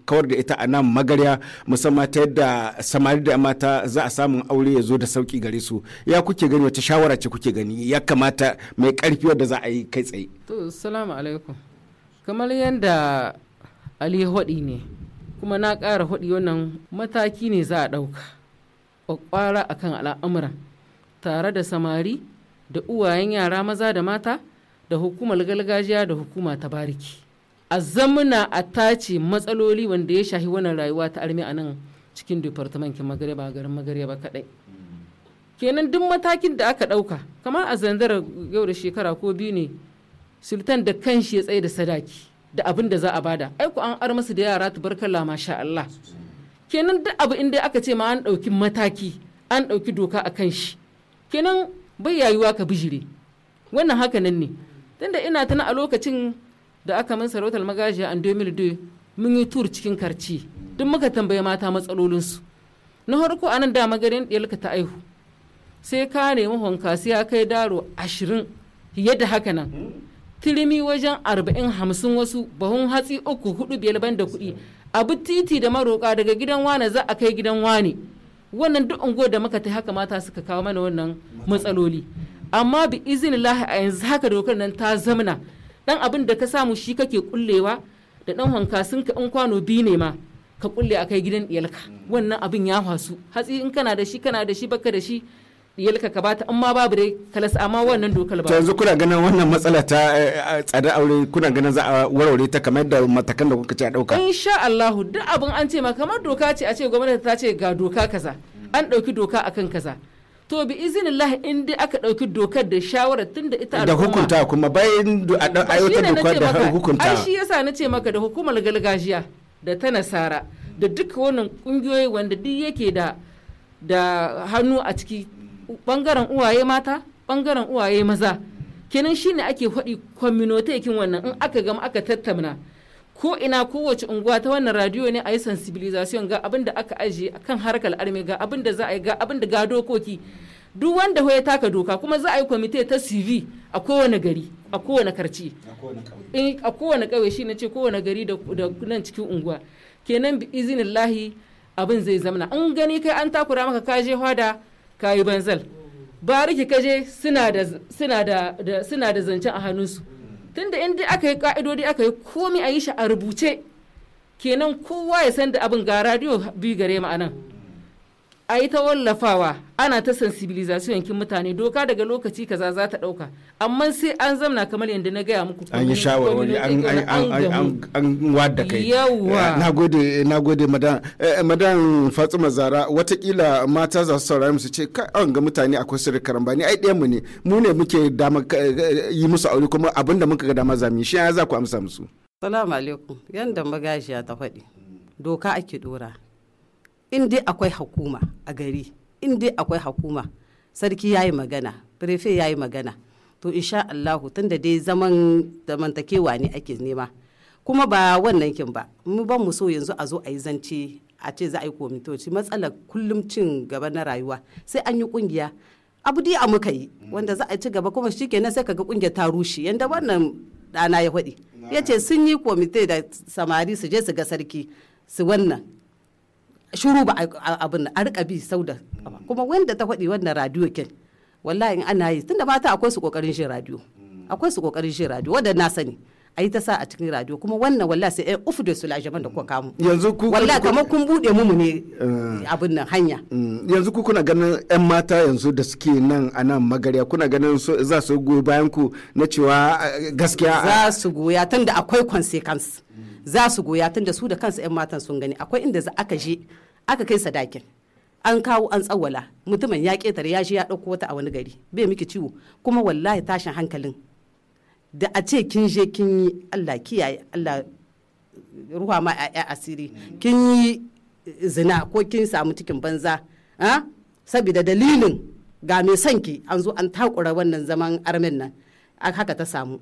kawar da ita a nan magarya musamman ta yadda samari da mata za a samun aure ya zo da sauki gare su ya kuke gani wata shawara ce kuke gani ya kamata mai karfi wadda za a yi kai tsaye to salamu alaikum kamar yadda ali hodi ne kuma na kara hodi wannan mataki ne za a ɗauka akan al'amuran tare da samari da uwayen yara maza da mata da hukumar gargajiya da hukuma ta bariki a zamuna a tace matsaloli wanda ya shahi wannan rayuwa ta armi a nan cikin departamentin magareba garin magareba kadai kenan duk matakin da aka ɗauka kamar a zandarar yau da shekara ko biyu ne sultan da kanshi ya tsaye da sadaki da abin da za a bada aiku an ar masa da yara tubarkalla masha Allah kenan duk abu inda aka ce ma an ɗauki mataki an ɗauki doka a kan shi kenan bai yayuwa ka bijire wannan haka nan ne tunda ina tana a lokacin da aka min sarautar magajiya an 2002 mun yi tur cikin karci duk muka tambaye mata matsalolinsu na harko anan da garin ɗiyarka ta aihu sai ka nemi honkasi ya kai daro ashirin yadda haka nan tirimi wajen arba'in hamsin wasu bahun hatsi uku hudu biyar banda kuɗi abu titi da maroka daga gidan wane za a kai gidan wane wannan duk unguwar da muka ta haka mata suka kawo mana wannan matsaloli amma bi izinillahi a yanzu haka dokar nan ta zamna dan abin da ka samu shi kake kullewa da dan wanka sun ka in kwano biyu ne ma ka kulle kai gidan iyalka wannan abin ya fasu hatsi in kana da shi kana da shi baka da shi yalka ka bata amma babu dai kalas amma wannan dokar ba. yanzu kuna ganin wannan matsala ta eh, eh, tsada aure kuna ganin za a warware ta kamar da matakan da kuka ci a dauka. insha Allah duk abin an ce ma kamar doka ce a ce gwamnati ta ce ga doka kaza an dauki doka akan kaza. to bi izinillah in dai aka dauki dokar da shawarar tun da ita da hukunta kuma bayan a wata doka da hukunta ai shi yasa na ce maka da hukumar gargajiya da ta nasara da duk wannan kungiyoyi wanda duk yake da da hannu a ciki bangaren uwaye mata bangaren uwaye maza kenan shine ake faɗi kwaminotekin wannan in aka gama aka tattauna ko ina kowace unguwa ta wannan radiyo ne a yi sensibilization ga abin da aka ajiye kan harkar armi ga abin da za a yi ga abin da ga dokoki duk wanda ya taka doka kuma za a yi kwamite ta cv a kowane gari a kowane karci a kowane kauye shi na ce kowane gari da nan cikin unguwa kenan bi izinin lahi abin zai zamana in gani kai an takura maka kaje hada kayi banzal ba riki kaje suna da da suna da zancen a hannunsu tunda in dai aka yi ka'idodi aka yi komai a yi shi a rubuce kenan kowa ya san da abin ga radio biyu gare mu anan a yi ta wallafawa ana ta sensibilisation yankin mutane doka daga lokaci kaza za ta dauka amma sai an zamna kamar yadda na gaya muku an yi shawarwari an wadda kai eh, na gode eh, nagode madan eh, madan fatima zara watakila mata za su saurari musu ce an ga mutane akwai sirri karambani ai ɗayanmu ne mu ne muke yi musu aure kuma da muka ga dama zamu shi ya za ku amsa musu salamu alaikum yanda magajiya ta faɗi doka ake dora in dai akwai hukuma a gari in dai akwai hukuma sarki yayi magana prefe yayi magana to insha Allahu tunda dai zaman zamantakewa ne ake nema kuma ba wannan kin ba mu ban mu so yanzu a zo a yi zance a ce za a yi komitoci matsalar kullum cin gaba na rayuwa sai an yi kungiya abu dai a muka yi wanda za a ci gaba kuma shikenan sai kaga ƙungiyar ta rushe yanda wannan dana ya faɗi ya ce sun yi komite da samari su je su ga sarki su wannan shuru ba abin a rika bi sau da kuma wanda ta faɗi wannan radiyo ken wallahi in ana yi tunda mata akwai su kokarin shi radiyo akwai su kokarin shi radiyo wanda na sani a yi ta sa a cikin radiyo kuma wannan wallahi sai ɗan ufu da su lajaman da kuka kamu yanzu ku wallahi kamar kun buɗe mu ne eh. abin nan hanya mm, yanzu ku kuna ganin ƴan mata yanzu da suke nan a nan magarya kuna ganin za su goyi bayan ku na cewa eh, gaskiya za su goya tunda akwai consequence za su goya tun da su da kansu 'yan matan sun gani akwai inda za aka je aka kai sadakin an kawo an tsawala mutumin ya ketare ya je ya ɗauko wata a wani gari bai miki ciwo kuma wallahi tashin hankalin da a ce kin je kin yi Allah kiyaye Allah ruwa ma a asiri kin yi zina ko kin samu cikin banza saboda dalilin ga mai sanki an zo an takura wannan zaman armen nan haka ta samu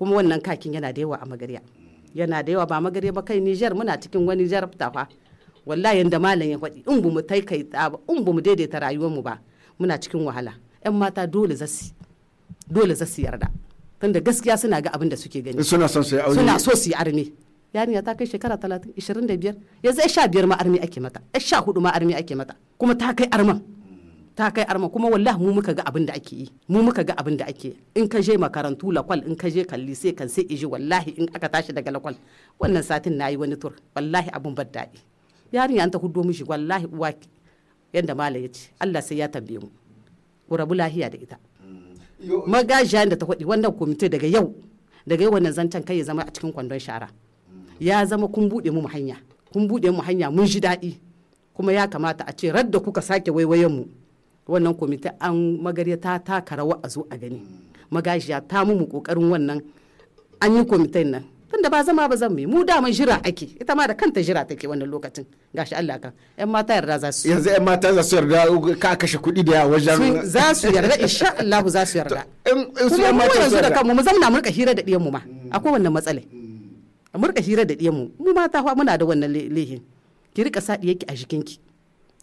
kuma wannan kakin yana da yawa a magarya yana da yawa ba magare ba kai Niger muna cikin wani jarabta fa wallahi yanda malam ya faɗi in bamu tai kai ba in bamu daidaita rayuwar mu ba muna cikin wahala yan mata dole zasu dole zasu yarda tunda gaskiya suna ga abin da suke gani eh, suna son su yi aure suna so su yi arme ya ta kai shekara 30 25 yanzu 15 ma arme ake mata 14 ma arme ake mata kuma ta kai arman ta kai arma kuma wallah mu muka ga abin da ake yi mu muka ga abin da ake in ka je makarantu lakwal in ka je kalli sai kan sai iji wallahi in aka tashi daga lakwal wannan satin na yi wani tur wallahi abun bar daɗi yarinya an ta hudo mishi wallahi uwa yanda mala ya ce Allah sai ya tambaye mu ku rabu lahiya da ita magajiya da ta kwaɗi wannan komite daga yau daga yau wannan zancen kai ya zama a cikin kwandon shara ya zama kun buɗe mu hanya kun buɗe mu hanya mun ji daɗi kuma ya kamata a ce radda kuka sake waiwayen mu wannan kwamitin an magarya ta taka rawa a zo a gani magajiya ta mu kokarin wannan an yi kwamitin nan tunda ba zama ba zan mai mu dama jira ake ita ma da kanta jira take wannan lokacin gashi Allah kan yan mata yarda za su yanzu yan mata za su yarda ka kashe kuɗi da yawa wajen za su yarda insha Allah za su yarda yan mata yanzu da kanmu mu zauna mu rika hira da diyan mu ma mm. akwai wannan matsala mu rika hira da diyan mu mu mata fa muna da wannan lehin ki rika sa ɗiyarki a jikinki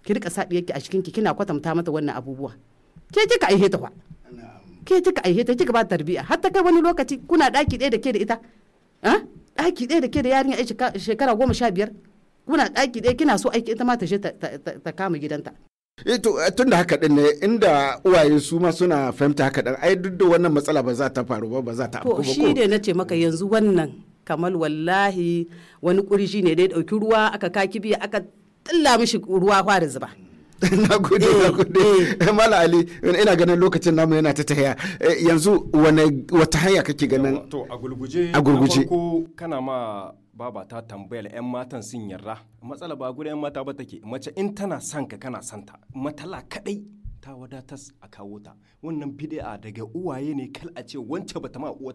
ki rika sa diyarki a cikin ki kina kwatanta mata wannan abubuwa ke kika aihe ta fa ke kika aihe ta kika ba tarbiya har ta kai wani lokaci kuna daki ɗaya da ke da ita daki ah? ɗaya da ke da yarinya shekara goma sha biyar kuna daki ɗaya kina so aiki ita ma ta je ta kama gidanta eh to eh, tun da haka din ne inda uwaye su ma suna fahimta haka din ai duk da wannan matsala ba za ta faru ba ba za ta afku ba shi ne na ce maka yanzu wannan kamal wallahi wani kurji ne dai ɗauki dauki ruwa aka kaki biya aka tsilla mishi ruwa da zuba na gode na eh, gode eh. mala ali ina ganin lokacin namu yana ta taya eh, yanzu wata hanya kake ganin to a gurguje ko kana ma baba ta tambayar 'yan matan sun yarda matsala ba gurin 'yan mata ba take mace in tana son ka kana santa ta matala kadai ta wadatas a kawo ta wannan bid'a daga uwaye ne kal a ce wance bata ma uwa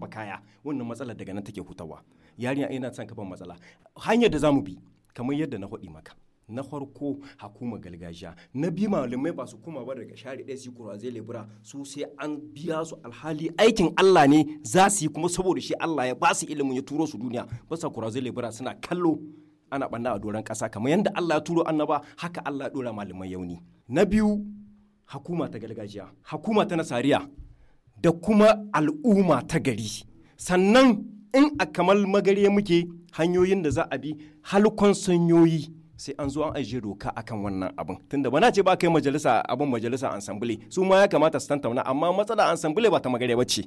ba kaya wannan matsala daga nan take hutawa yarinya ina son ka ban matsala hanyar da zamu bi kamar yadda na faɗi maka na farko hakuma galgajiya na bi malamai ba su kuma ba daga share ɗaya su yi zai lebura su sai an biya su alhali aikin Allah ne za su yi kuma saboda shi Allah ya ba su ilimin ya turo su duniya ba sa zai lebura suna kallo ana ɓanna a doron ƙasa kamar yadda Allah ya turo annaba haka Allah ya ɗora malamai yauni na biyu hakuma ta galgajiya hakuma ta nasariya da kuma al'umma ta gari sannan in a kamar magare muke hanyoyin da za a bi halkon sanyoyi sai an zo an ajiye doka akan wannan abin tunda ba na ce ba kai majalisa abin majalisa ansambule su ma ya kamata su tantauna amma matsala ansambule ba ta magare ba ce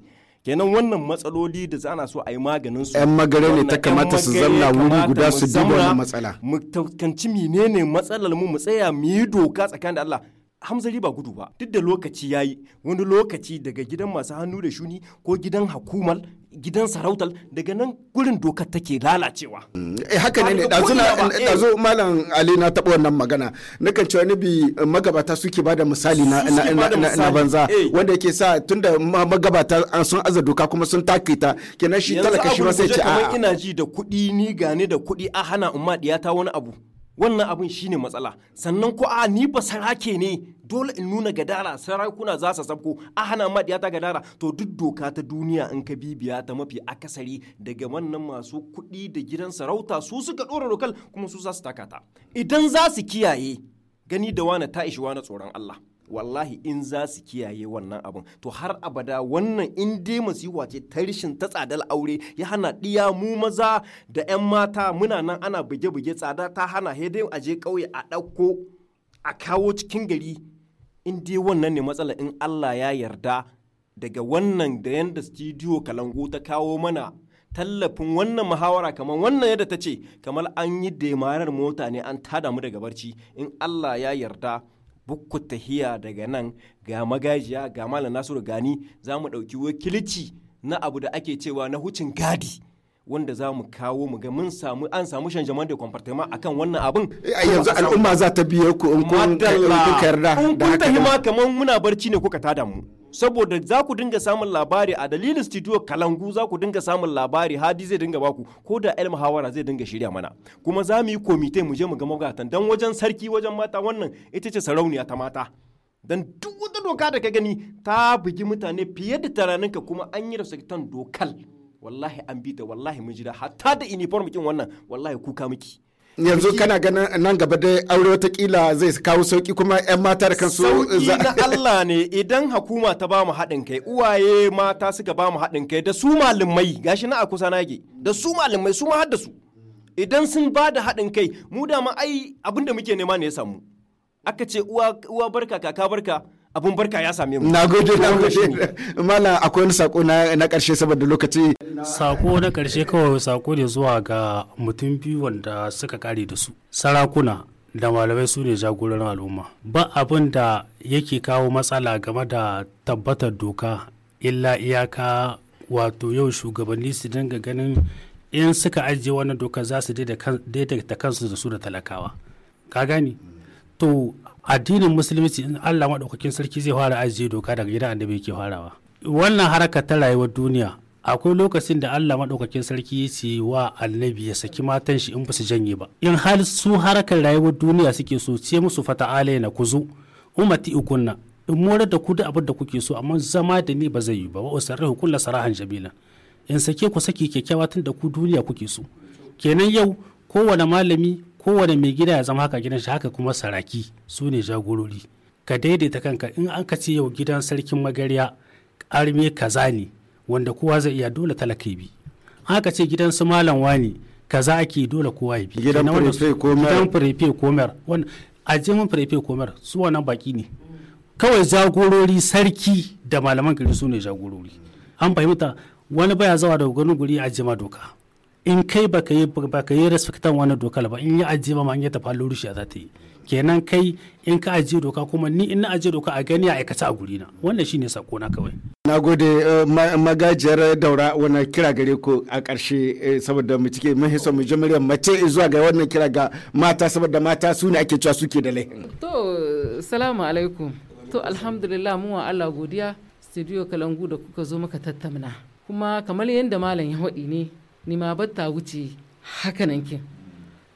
kenan wannan matsaloli da ana so a yi maganin su yan magare ne ta kamata su zanna wuri guda su duba wannan matsala mu tantanci menene matsalar mu mu tsaya mu yi doka tsakanin da Allah hamzali ba gudu ba duk da lokaci yayi wani lokaci daga gidan masu hannu da shuni ko gidan hakumal gidan sarautar daga nan gurin dokar take lalacewa. Mm, eh haka ne ne ɗazu eh, eh. malam Ali na taɓa wannan magana nakan cewa ni bi eh, magabata suke ba da misali na banza wanda yake sa tunda magabata an ah, sun aza doka kuma sun take ta kenan shi talaka shi ma sai ce a. ina ji da kuɗi ni gane da kuɗi a hana umma diyata wani abu. wannan abin shine matsala sannan ko a ni ba sarake ne dole in nuna gadara sarakuna za su sabko a hana ma ta gadara to duk doka ta duniya in ka bibiya ta mafi akasari daga wannan masu kuɗi da gidan sarauta su suka ɗora lokal kuma su za su taka ta idan za su kiyaye gani da wani ta ishi wani tsoron Allah wallahi in za su kiyaye wannan abin to har abada wannan in dai yi ce ta rishin ta tsadar aure ya hana ɗiya mu maza da 'yan mata muna nan ana buge-buge tsada ta hana dai a je ƙauye a ɗauko a kawo cikin gari in dai wannan ne matsala in Allah ya yarda daga wannan da yanda studio kalangu ta kawo mana tallafin wannan muhawara kamar wannan yadda ta ce kamar an yi demarar mota ne an tada mu daga barci in Allah ya yarda bukku tahiya daga nan ga magajiya ga malam nasiru gani za mu ɗauki wakilci na abu da ake cewa na hucin gadi wanda za mu kawo mu ga mun samu an samu jama'a da a akan wannan abin eh, yanzu al'umma za ta biye ku in kun yarda in kun ta ma kaman muna barci ne kuka tada mu saboda za ku dinga samun labari a dalilin studio kalangu za ku dinga samun labari hadi zai dinga baku ko da ilm muhawara zai dinga shirya mana kuma za mu yi komite mu je mu ga magatan dan wajen sarki wajen mata wannan ita ce sarauniya ta mata dan duk wata doka da ka gani ta bugi mutane fiye da ka kuma an yi rasaktan dokal wallahi an bi ta wallahi mun ji da hatta da uniform kin wannan wallahi kuka miki yanzu kana ganin nan gaba dai aure watakila zai kawo sauki kuma 'yan mata da kansu sauki na Allah ne idan hakuma ta ba mu haɗin kai uwaye mata suka ba mu haɗin kai da su malamai gashi na a kusa nage da su malamai su ma da su idan sun ba da haɗin kai mu da ma ai abinda muke nema ne ya samu aka ce uwa barka kaka barka abun barka ya same mu na gode na gode mala akwai wani sako na karshe saboda lokaci sako na karshe kawai sako ne zuwa ga mutum biyu wanda suka kare da su sarakuna da malamai su ne jagoran al'umma ba abin da yake kawo matsala game da tabbatar doka illa iyaka wato yau shugabanni su dinga ganin in suka ajiye wannan doka za su daidaita kansu da su da talakawa ka gani to addinin musulunci in Allah maɗaukakin sarki zai fara ajiye doka daga gidan annabi yake farawa wannan haraka ta rayuwar duniya akwai lokacin da Allah maɗaukakin sarki ya ce wa annabi ya saki matan shi in ba su janye ba in har su harkar rayuwar duniya suke so ce musu fata alayna ku zo ummati ukunna in morar da ku da abin da kuke so amma zama da ni ba zai yi ba wa usarrihu kullu sarahan jabila in sake ku saki kyakkyawa tun da ku duniya kuke so kenan yau kowane malami kowane mai gida ya zama haka gidan shi haka kuma saraki su ne jagorori ka daidaita kanka in an ka ce yau gidan sarkin magariya arme kaza ne wanda kowa zai iya dole talaka bi an ka ce gidan su malam wani kaza ake dole kowa ya bi gidan firife komer a jimin firife komer su wannan baki ne kawai jagorori sarki da malaman gari su ne jagorori an fahimta wani baya zawa daga wani guri a jima doka in kai baka yi baka yi respectan wani dokar ba in yi ajiye ba ma in ya tafi halin rushiya za ta yi kenan kai in ka ajiye doka kuma ni in na ajiye doka a gani a aikata a guri na wannan shine sako na kawai na gode eh, magajiyar daura wannan kira gare ku a ƙarshe eh, saboda mu cike mun hisa mu ji muryar mace zuwa ga wannan kira ga mata saboda mata su ne ake cewa suke da laihin to salamu alaikum to alhamdulillah mu wa Allah godiya studio kalangu da kuka zo muka tattauna kuma kamar yadda malam ya haɗi ne ni ma ta wuce haka nan kin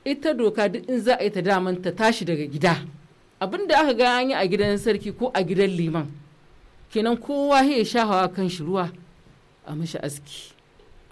ita doka duk in za a yi ta daman ta tashi daga gida abin da aka ga an yi a gidan sarki ko a gidan liman kenan kowa ya sha hawa kan shi ruwa a mashi aski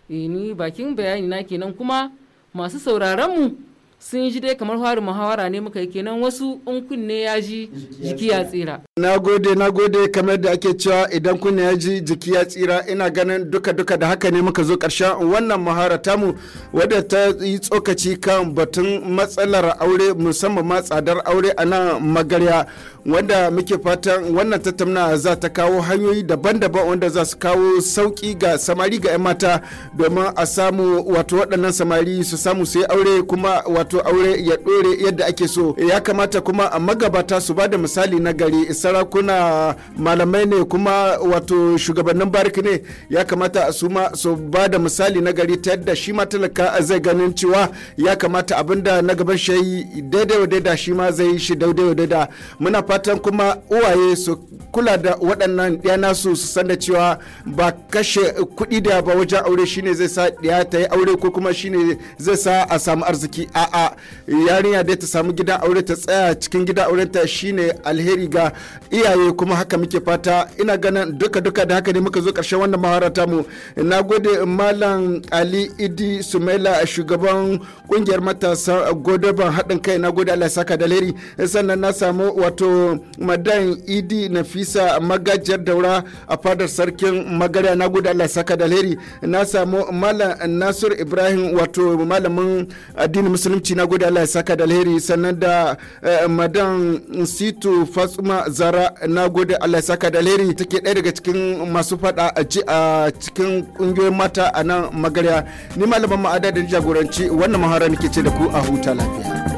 eh, ni bakin bayani na kenan kuma masu sauraron mu sun ji dai kamar harin muhawara ne muka yi kenan wasu in kunne ya ji jiki ya tsira. Na gode na gode kamar da ake cewa idan kunne ya ji jiki ya tsira ina ganin duka duka da haka ne muka zo ƙarshen wannan muhawara tamu wadda ta yi tsokaci kan batun matsalar aure musamman ma tsadar aure a nan magarya wanda muke fatan wannan tattauna za ta kawo hanyoyi daban-daban wanda za su kawo sauki ga samari ga 'yan mata domin a samu wato waɗannan samari su samu su yi aure kuma wato wato aure ya ɗore yadda ake so ya kamata kuma a magabata su bada da misali na gari sarakuna malamai ne kuma wato shugabannin bariki ne ya kamata su suma su ba da misali na gari ta yadda shi ma talaka zai ganin cewa ya kamata abinda na gaban shi daidai wa daida shi ma zai shi daidai wa daida muna fatan kuma uwaye su kula da waɗannan ɗaya nasu su san da cewa ba kashe kuɗi da ba wajen aure shine zai sa ɗaya ta yi aure ko kuma shine zai sa a samu arziki a'a a yarinya da ta samu gidan aure ta tsaya cikin gida aure ta shine alheri ga iyaye kuma haka muke fata ina ganin duka duka da haka ne muka zo karshen wannan mahara ta mu na gode malam ali idi sumaila shugaban kungiyar matasa godoban haɗin kai na gode allah saka da alheri sannan na samu wato madan idi nafisa magajiyar daura a fadar sarkin magariya na gode allah saka da alheri na samu malam nasir ibrahim wato malamin addinin musulunci zumunci na gode Allah ya saka da alheri sannan da eh, madan situ fatsuma zara na gode Allah ya saka da alheri take ɗaya daga cikin masu faɗa a cikin ƙungiyoyin mata a nan magarya ni malaman ma'ada da jagoranci wannan mahara nake ce da ku a huta lafiya.